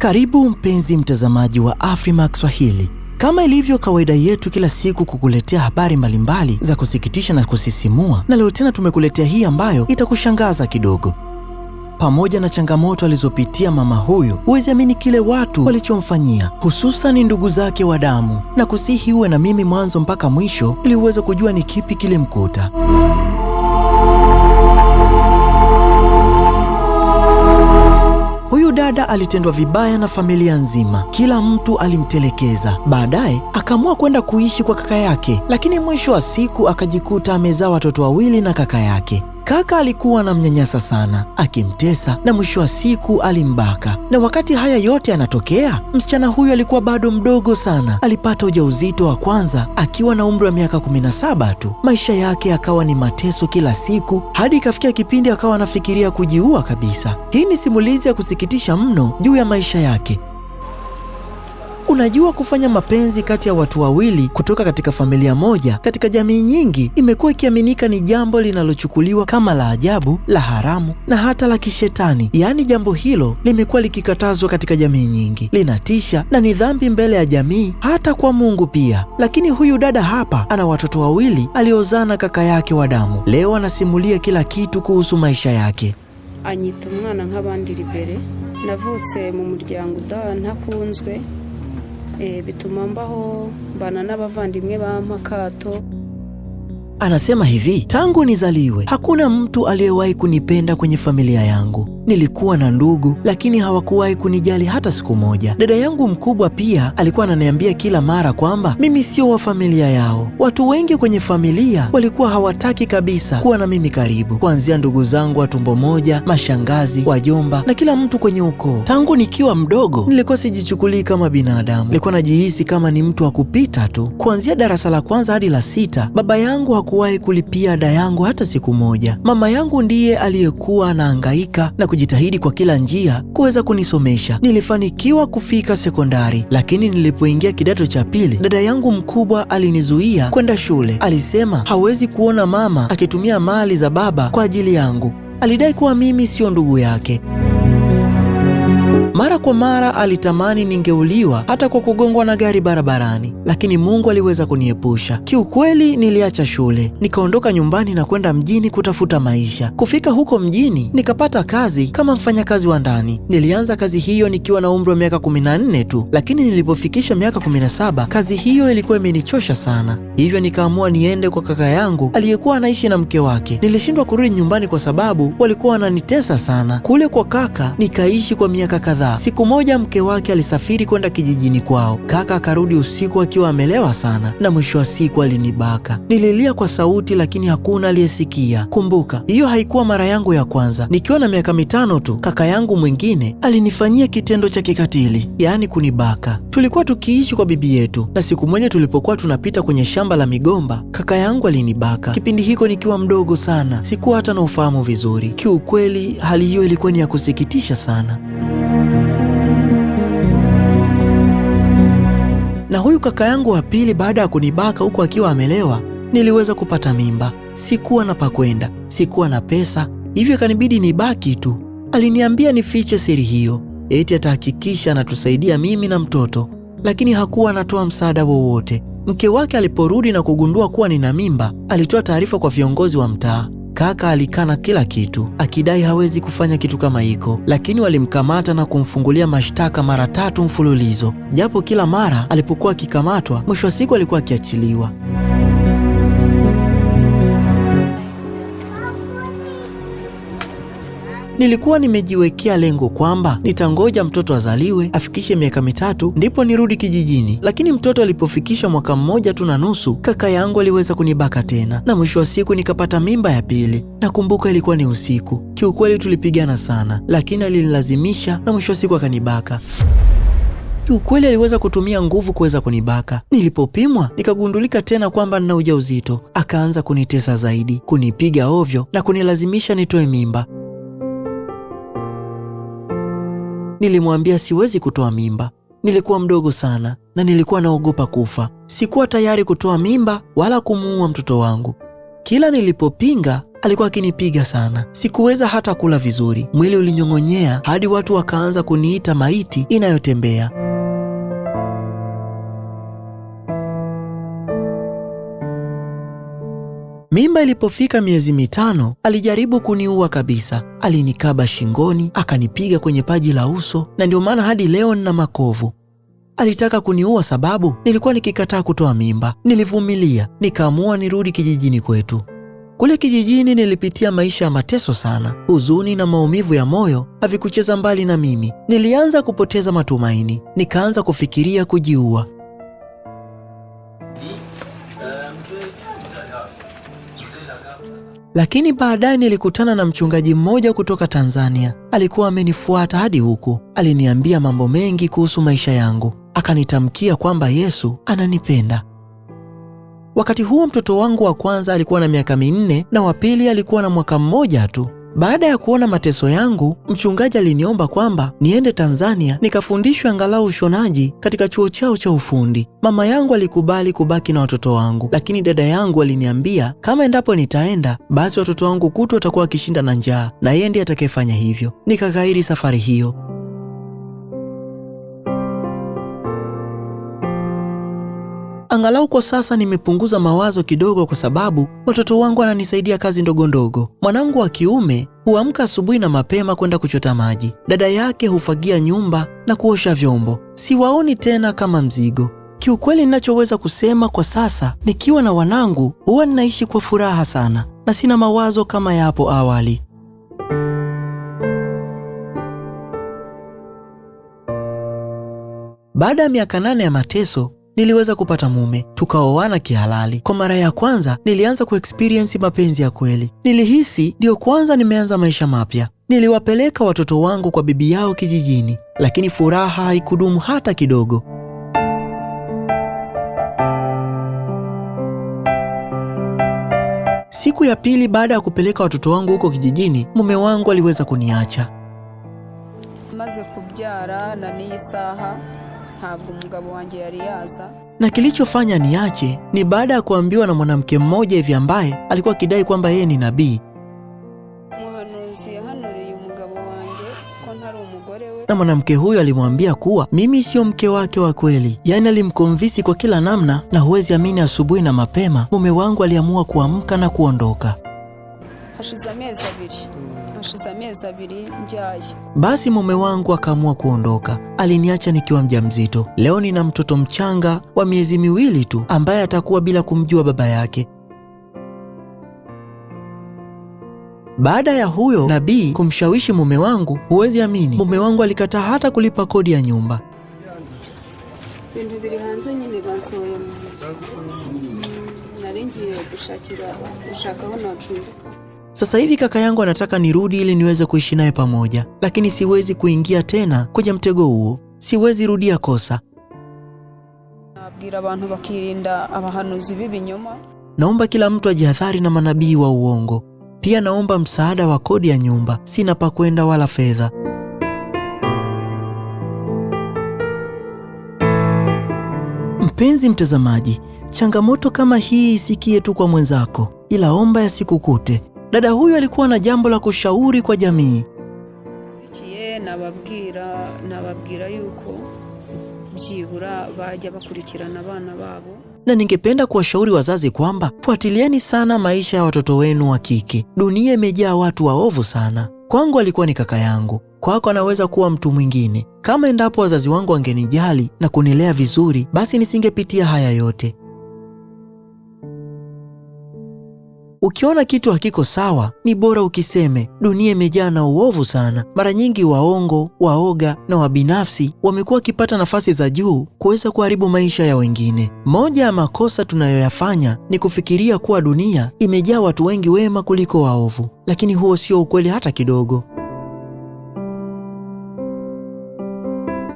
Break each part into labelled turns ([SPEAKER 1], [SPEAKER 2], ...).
[SPEAKER 1] Karibu mpenzi mtazamaji wa Afrimax Swahili. Kama ilivyo kawaida yetu kila siku kukuletea habari mbalimbali za kusikitisha na kusisimua, na leo tena tumekuletea hii ambayo itakushangaza kidogo. Pamoja na changamoto alizopitia mama huyu, huwezi amini kile watu walichomfanyia, hususan ndugu zake wa damu, na kusihi uwe na mimi mwanzo mpaka mwisho ili uweze kujua ni kipi kilimkuta. Dada alitendwa vibaya na familia nzima, kila mtu alimtelekeza. Baadaye akaamua kwenda kuishi kwa kaka yake, lakini mwisho wa siku akajikuta amezaa watoto wawili na kaka yake. Kaka alikuwa anamnyanyasa sana, akimtesa na mwisho wa siku alimbaka. Na wakati haya yote yanatokea, msichana huyu alikuwa bado mdogo sana. Alipata ujauzito wa kwanza akiwa na umri wa miaka 17 tu. Maisha yake akawa ni mateso kila siku, hadi ikafikia kipindi akawa anafikiria kujiua kabisa. Hii ni simulizi ya kusikitisha mno juu ya maisha yake Unajua, kufanya mapenzi kati ya watu wawili kutoka katika familia moja katika jamii nyingi imekuwa ikiaminika ni jambo linalochukuliwa kama la ajabu, la haramu na hata la kishetani. Yaani, jambo hilo limekuwa likikatazwa katika jamii nyingi, linatisha na ni dhambi mbele ya jamii, hata kwa Mungu pia. Lakini huyu dada hapa ana watoto wawili aliozaa na kaka yake wa damu. Leo anasimulia kila kitu kuhusu maisha yake.
[SPEAKER 2] anyita umwana nk'abandi ribere navutse mu muryango udaha ntakunzwe Eh, bituma mbaho mbana n'abavandimwe bampakato. akato
[SPEAKER 1] anasema hivi tangu nizaliwe hakuna mtu aliyewahi kunipenda kwenye familia yangu Nilikuwa na ndugu lakini hawakuwahi kunijali hata siku moja. Dada yangu mkubwa pia alikuwa ananiambia kila mara kwamba mimi sio wa familia yao. Watu wengi kwenye familia walikuwa hawataki kabisa kuwa na mimi karibu, kuanzia ndugu zangu wa tumbo moja, mashangazi, wajomba na kila mtu kwenye ukoo. Tangu nikiwa mdogo nilikuwa sijichukulii kama binadamu, nilikuwa najihisi kama ni mtu wa kupita tu. Kuanzia darasa la kwanza hadi la sita, baba yangu hakuwahi kulipia ada yangu hata siku moja. Mama yangu ndiye aliyekuwa anahangaika na alijitahidi kwa kila njia kuweza kunisomesha. Nilifanikiwa kufika sekondari, lakini nilipoingia kidato cha pili, dada yangu mkubwa alinizuia kwenda shule. Alisema hawezi kuona mama akitumia mali za baba kwa ajili yangu. Alidai kuwa mimi sio ndugu yake. Mara kwa mara alitamani ningeuliwa hata kwa kugongwa na gari barabarani lakini Mungu aliweza kuniepusha. Kiukweli, niliacha shule nikaondoka nyumbani na kwenda mjini kutafuta maisha. Kufika huko mjini, nikapata kazi kama mfanyakazi wa ndani. Nilianza kazi hiyo nikiwa na umri wa miaka 14 tu, lakini nilipofikisha miaka 17 kazi hiyo ilikuwa imenichosha sana, hivyo nikaamua niende kwa kaka yangu aliyekuwa anaishi na mke wake. Nilishindwa kurudi nyumbani kwa sababu walikuwa wananitesa sana. Kule kwa kaka nikaishi kwa miaka kadhaa. Siku moja mke wake alisafiri kwenda kijijini kwao, kaka akarudi usiku akiwa akiwa amelewa sana, na mwisho wa siku alinibaka. Nililia kwa sauti, lakini hakuna aliyesikia. Kumbuka, hiyo haikuwa mara yangu ya kwanza. Nikiwa na miaka mitano tu, kaka yangu mwingine alinifanyia kitendo cha kikatili, yaani kunibaka. Tulikuwa tukiishi kwa bibi yetu, na siku moja tulipokuwa tunapita kwenye shamba la migomba, kaka yangu alinibaka. Kipindi hiko nikiwa mdogo sana, sikuwa hata na ufahamu vizuri. Kiukweli, hali hiyo ilikuwa ni ya kusikitisha sana. Na huyu kaka yangu wa pili, baada ya kunibaka huku akiwa amelewa, niliweza kupata mimba. Sikuwa na pakwenda, sikuwa na pesa, hivyo kanibidi nibaki tu. Aliniambia nifiche siri hiyo, eti atahakikisha anatusaidia mimi na mtoto, lakini hakuwa anatoa msaada wowote. Mke wake aliporudi na kugundua kuwa nina mimba, alitoa taarifa kwa viongozi wa mtaa. Kaka alikana kila kitu akidai hawezi kufanya kitu kama hiko, lakini walimkamata na kumfungulia mashtaka mara tatu mfululizo, japo kila mara alipokuwa akikamatwa, mwisho wa siku alikuwa akiachiliwa. Nilikuwa nimejiwekea lengo kwamba nitangoja mtoto azaliwe afikishe miaka mitatu ndipo nirudi kijijini, lakini mtoto alipofikisha mwaka mmoja tu na nusu, kaka yangu aliweza kunibaka tena, na mwisho wa siku nikapata mimba ya pili. Nakumbuka ilikuwa ni usiku, kiukweli tulipigana sana, lakini alinilazimisha na mwisho wa siku akanibaka. Kiukweli aliweza kutumia nguvu kuweza kunibaka. Nilipopimwa nikagundulika tena kwamba nina ujauzito. Akaanza kunitesa zaidi, kunipiga ovyo na kunilazimisha nitoe mimba. Nilimwambia siwezi kutoa mimba, nilikuwa mdogo sana na nilikuwa naogopa kufa. Sikuwa tayari kutoa mimba wala kumuua mtoto wangu. Kila nilipopinga alikuwa akinipiga sana, sikuweza hata kula vizuri. Mwili ulinyong'onyea hadi watu wakaanza kuniita maiti inayotembea. Mimba ilipofika miezi mitano, alijaribu kuniua kabisa. Alinikaba shingoni, akanipiga kwenye paji la uso, na ndio maana hadi leo nina makovu. Alitaka kuniua sababu nilikuwa nikikataa kutoa mimba. Nilivumilia, nikaamua nirudi kijijini kwetu. Kule kijijini nilipitia maisha ya mateso sana. Huzuni na maumivu ya moyo havikucheza mbali na mimi. Nilianza kupoteza matumaini, nikaanza kufikiria kujiua. Lakini baadaye nilikutana na mchungaji mmoja kutoka Tanzania. Alikuwa amenifuata hadi huku. Aliniambia mambo mengi kuhusu maisha yangu, akanitamkia kwamba Yesu ananipenda. Wakati huo mtoto wangu wa kwanza alikuwa na miaka minne na wa pili alikuwa na mwaka mmoja tu. Baada ya kuona mateso yangu, mchungaji aliniomba kwamba niende Tanzania nikafundishwe angalau ushonaji katika chuo chao cha ufundi. Mama yangu alikubali kubaki na watoto wangu, lakini dada yangu aliniambia kama endapo nitaenda, basi watoto wangu kutu watakuwa wakishinda na njaa na yeye ndiye atakayefanya hivyo. Nikaghairi safari hiyo. Angalau kwa sasa nimepunguza mawazo kidogo, kwa sababu watoto wangu wananisaidia kazi ndogo ndogo. Mwanangu wa kiume huamka asubuhi na mapema kwenda kuchota maji, dada yake hufagia nyumba na kuosha vyombo. Siwaoni tena kama mzigo. Kiukweli, ninachoweza kusema kwa sasa, nikiwa na wanangu huwa ninaishi kwa furaha sana na sina mawazo kama ya hapo awali. Baada ya miaka nane ya mateso, niliweza kupata mume, tukaoana kihalali. Kwa mara ya kwanza nilianza kuexperience mapenzi ya kweli. Nilihisi ndiyo kwanza nimeanza maisha mapya. Niliwapeleka watoto wangu kwa bibi yao kijijini, lakini furaha haikudumu hata kidogo. Siku ya pili baada ya kupeleka watoto wangu huko kijijini, mume wangu aliweza kuniacha.
[SPEAKER 3] Maze kubyara na niyi saha ntabwo umugabo wanjye yari yaza
[SPEAKER 1] na kilichofanya niache ni baada ya kuambiwa na mwanamke mmoja hivi ambaye alikuwa akidai kwamba yeye ni nabii na mwanamke huyo alimwambia kuwa mimi sio mke wake wa kweli yaani alimkomvisi kwa kila namna na huwezi amini asubuhi na mapema mume wangu aliamua kuamka na kuondoka
[SPEAKER 3] hashize amezi abiri
[SPEAKER 1] basi mume wangu akaamua kuondoka, aliniacha nikiwa mjamzito. Leo nina mtoto mchanga wa miezi miwili tu ambaye atakuwa bila kumjua baba yake. Baada ya huyo nabii kumshawishi mume wangu, huwezi amini, mume wangu alikataa hata kulipa kodi ya nyumba. Sasa hivi kaka yangu anataka nirudi ili niweze kuishi naye pamoja, lakini siwezi kuingia tena kwenye mtego huo, siwezi rudia kosa. Naomba kila mtu ajihadhari na manabii wa uongo. Pia naomba msaada wa kodi ya nyumba, sina pa kwenda wala fedha. Mpenzi mtazamaji, changamoto kama hii isikie tu kwa mwenzako, ila omba yasikukute. Dada huyu alikuwa na jambo la kushauri kwa jamii. Kurikiye nababwira nababwira yuko byibura bajya bakurikirana abana babo. Na ningependa kuwashauri wazazi kwamba fuatilieni sana maisha ya watoto wenu wa kike. Dunia imejaa watu waovu sana. Kwangu alikuwa ni kaka yangu, kwako anaweza kuwa mtu mwingine. Kama endapo wazazi wangu wangenijali na kunilea vizuri, basi nisingepitia haya yote. ukiona kitu hakiko sawa, ni bora ukiseme. Dunia imejaa na uovu sana. Mara nyingi waongo, waoga na wabinafsi wamekuwa wakipata nafasi za juu kuweza kuharibu maisha ya wengine. Moja ya makosa tunayoyafanya ni kufikiria kuwa dunia imejaa watu wengi wema kuliko waovu, lakini huo sio ukweli hata kidogo.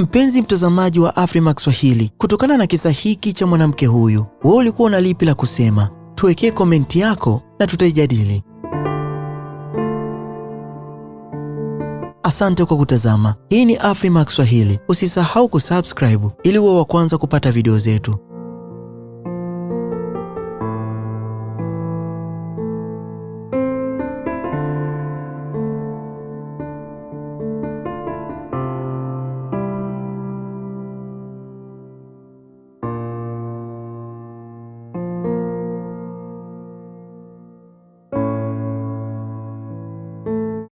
[SPEAKER 1] Mpenzi mtazamaji wa Afrimax Swahili, kutokana na kisa hiki cha mwanamke huyu, wewe ulikuwa una lipi la kusema? tuwekee komenti yako na tutaijadili. Asante kwa kutazama. Hii ni Afrimax Swahili. Usisahau kusubscribe ili uwe wa kwanza kupata video zetu.